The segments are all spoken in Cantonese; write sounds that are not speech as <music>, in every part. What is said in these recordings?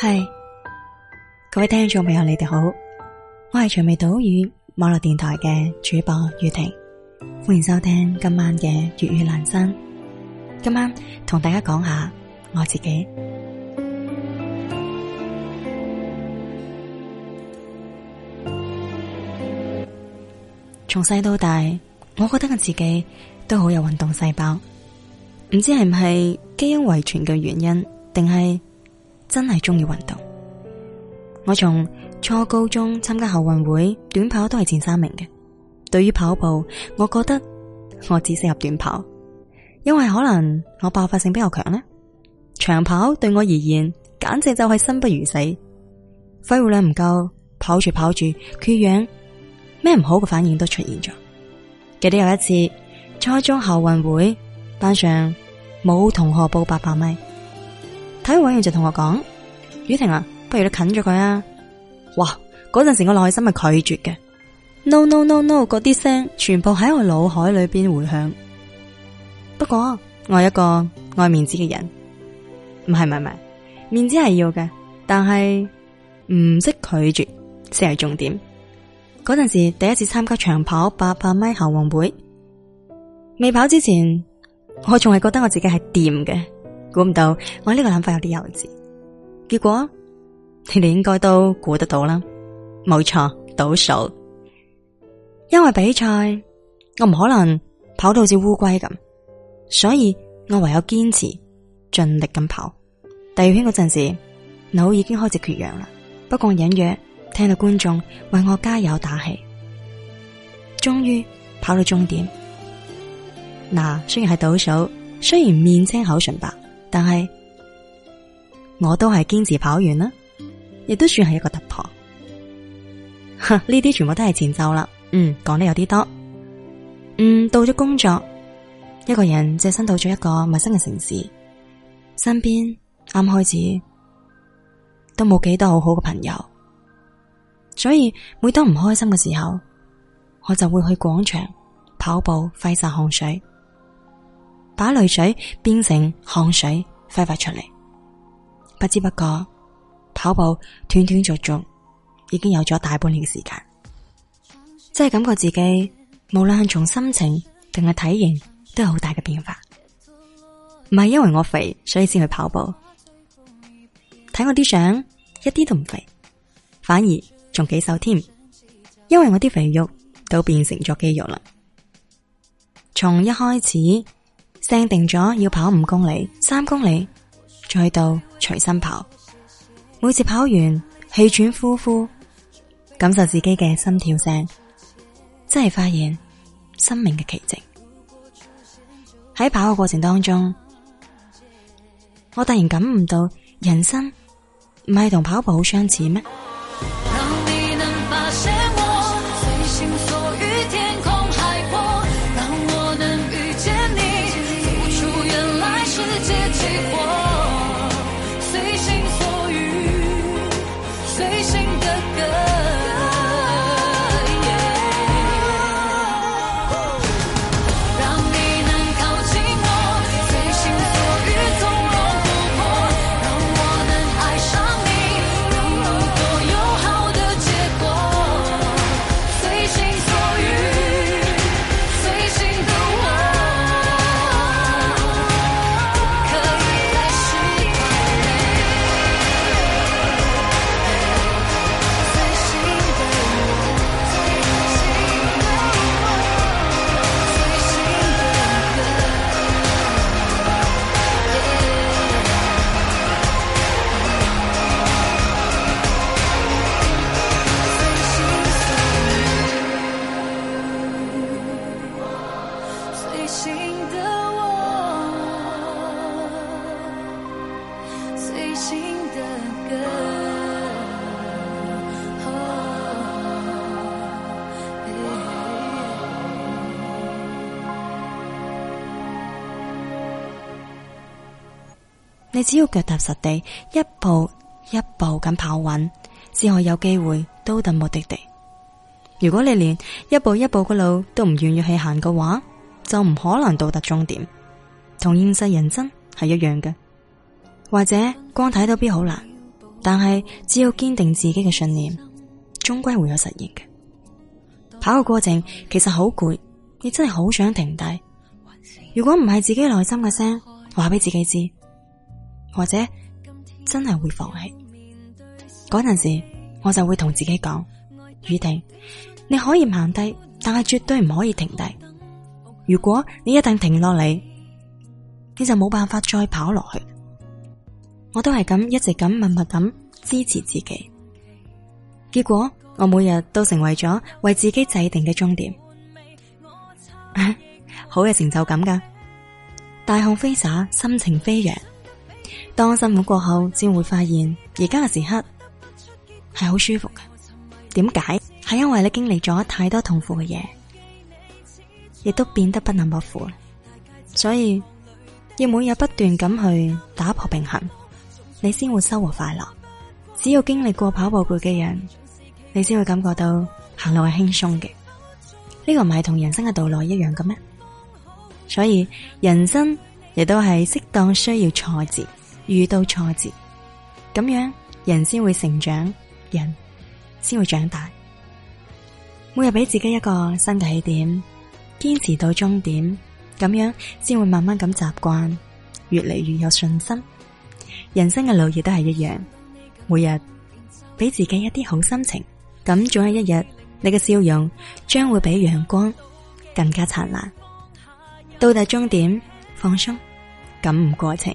係 Hey. 各位聽眾朋友，你哋好，我係長尾島嶼網絡電台嘅主播雨婷，歡迎收聽今晚嘅粵語闌珊。今晚同大家講下我自己。 <music> 從細到大，我覺得我自己都好有運動細胞，唔知係唔係基因遺傳嘅原因，定係？真係中意運動，我從初高中參加校運會，短跑都係前三名嘅。對於跑步，我覺得我只適合短跑，因為可能我爆發性比較強咧。長跑對我而言，簡直就係生不如死，肺活量唔夠，跑住跑住缺氧，咩唔好嘅反應都出現咗。記得有一次初中校運會，班上冇同學報八百米。睇完就同我講，雨婷啊，不如你近咗佢啊！哇，嗰陣時我內心係拒絕嘅，no no no no，嗰啲聲全部喺我腦海裏邊回響。不過我係一個愛面子嘅人，唔係唔係唔係，面子係要嘅，但係唔識拒絕先係重點。嗰陣時第一次參加長跑八百米校運會，未跑之前，我仲係覺得我自己係掂嘅。估唔到，我呢個諗法有啲幼稚。結果你哋應該都估得到啦，冇錯，倒數。因為比賽我唔可能跑到好似烏龜咁，所以我唯有堅持，盡力咁跑。第二圈嗰陣時，腦已經開始缺氧啦。不過隱約聽到觀眾為我加油打氣，終於跑到終點。嗱，雖然係倒數，雖然面青口唇白。但係我都係堅持跑完啦，亦都算係一個突破。哈，呢啲全部都係前奏啦。嗯，講得有啲多。嗯，到咗工作，一個人隻身到咗一個陌生嘅城市，身邊啱開始都冇幾多好好嘅朋友，所以每當唔開心嘅時候，我就會去廣場跑步，揮灑汗水。把淚水變成汗水揮發出嚟，不知不覺跑步斷斷續續已經有咗大半年嘅時間，真係感覺自己無論係從心情定係體型都有好大嘅變化。唔係因為我肥所以先去跑步，睇我啲相一啲都唔肥，反而仲幾瘦添，因為我啲肥肉都變成咗肌肉啦。從一開始。訂定咗要跑五公里、三公里，再到隨身跑。每次跑完氣喘呼呼，感受自己嘅心跳聲，真係發現生命嘅奇蹟。喺跑嘅過程當中，我突然感悟到，人生唔係同跑步好相似咩？你只要腳踏實地，一步一步咁跑穩，先可有機會都到目的地。如果你連一步一步嘅路都唔願意去行嘅話，就唔可能到達終點。同現實人生係一樣嘅，或者光睇到邊好難，但係只要堅定自己嘅信念，終歸會有實現嘅。跑嘅過程其實好攰，你真係好想停低。如果唔係自己內心嘅聲話俾自己知。或者真係會放棄，嗰陣時我就會同自己講，雨婷，你可以慢低，但係絕對唔可以停低。如果你一旦停落嚟，你就冇辦法再跑落去。我都係咁一直咁默默咁支持自己，結果我每日都成為咗為自己制定嘅終點， <laughs> 好嘅成就感噶，大汗飛灑，心情飛揚。當辛苦過後，先會發現而家嘅時刻係好舒服嘅。點解？係因為你經歷咗太多痛苦嘅嘢，亦都變得不那不苦，所以要每日不斷咁去打破平衡，你先會收穫快樂。只要經歷過跑步攰嘅人，你先會感覺到行路係輕鬆嘅。呢個唔係同人生嘅道路一樣嘅咩？所以人生亦都係適當需要挫折。遇到挫折，咁樣人先會成長，人先會長大。每日俾自己一個新嘅起點，堅持到終點，咁樣先會慢慢咁習慣，越嚟越有信心。人生嘅路亦都係一樣，每日俾自己一啲好心情，咁總有一日，你嘅笑容將會比陽光更加燦爛。到達終點，放鬆，感悟過程。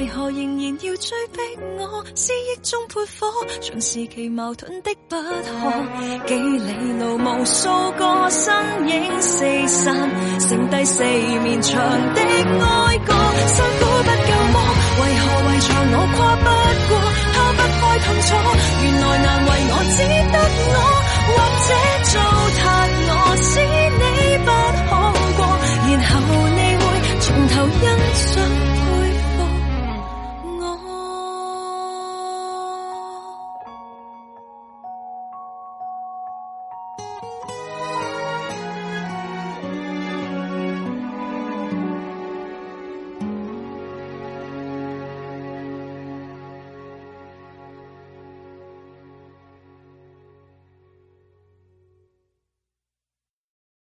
為何仍然要追逼我？思憶中潑火，像時期矛盾的不可。幾里路無數個身影四散，剩低四面牆的哀歌。辛苦不夠麼？為何唯在我跨不過，他不該痛楚？原來難為我只得我，或者。